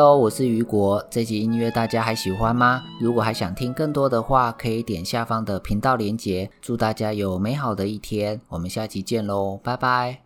Hello，我是雨果。這期音樂大家還喜歡嗎？如果還想聽更多的話，可以點下方的頻道鏈接。祝大家有美好的一天，我們下期見嘍，拜拜。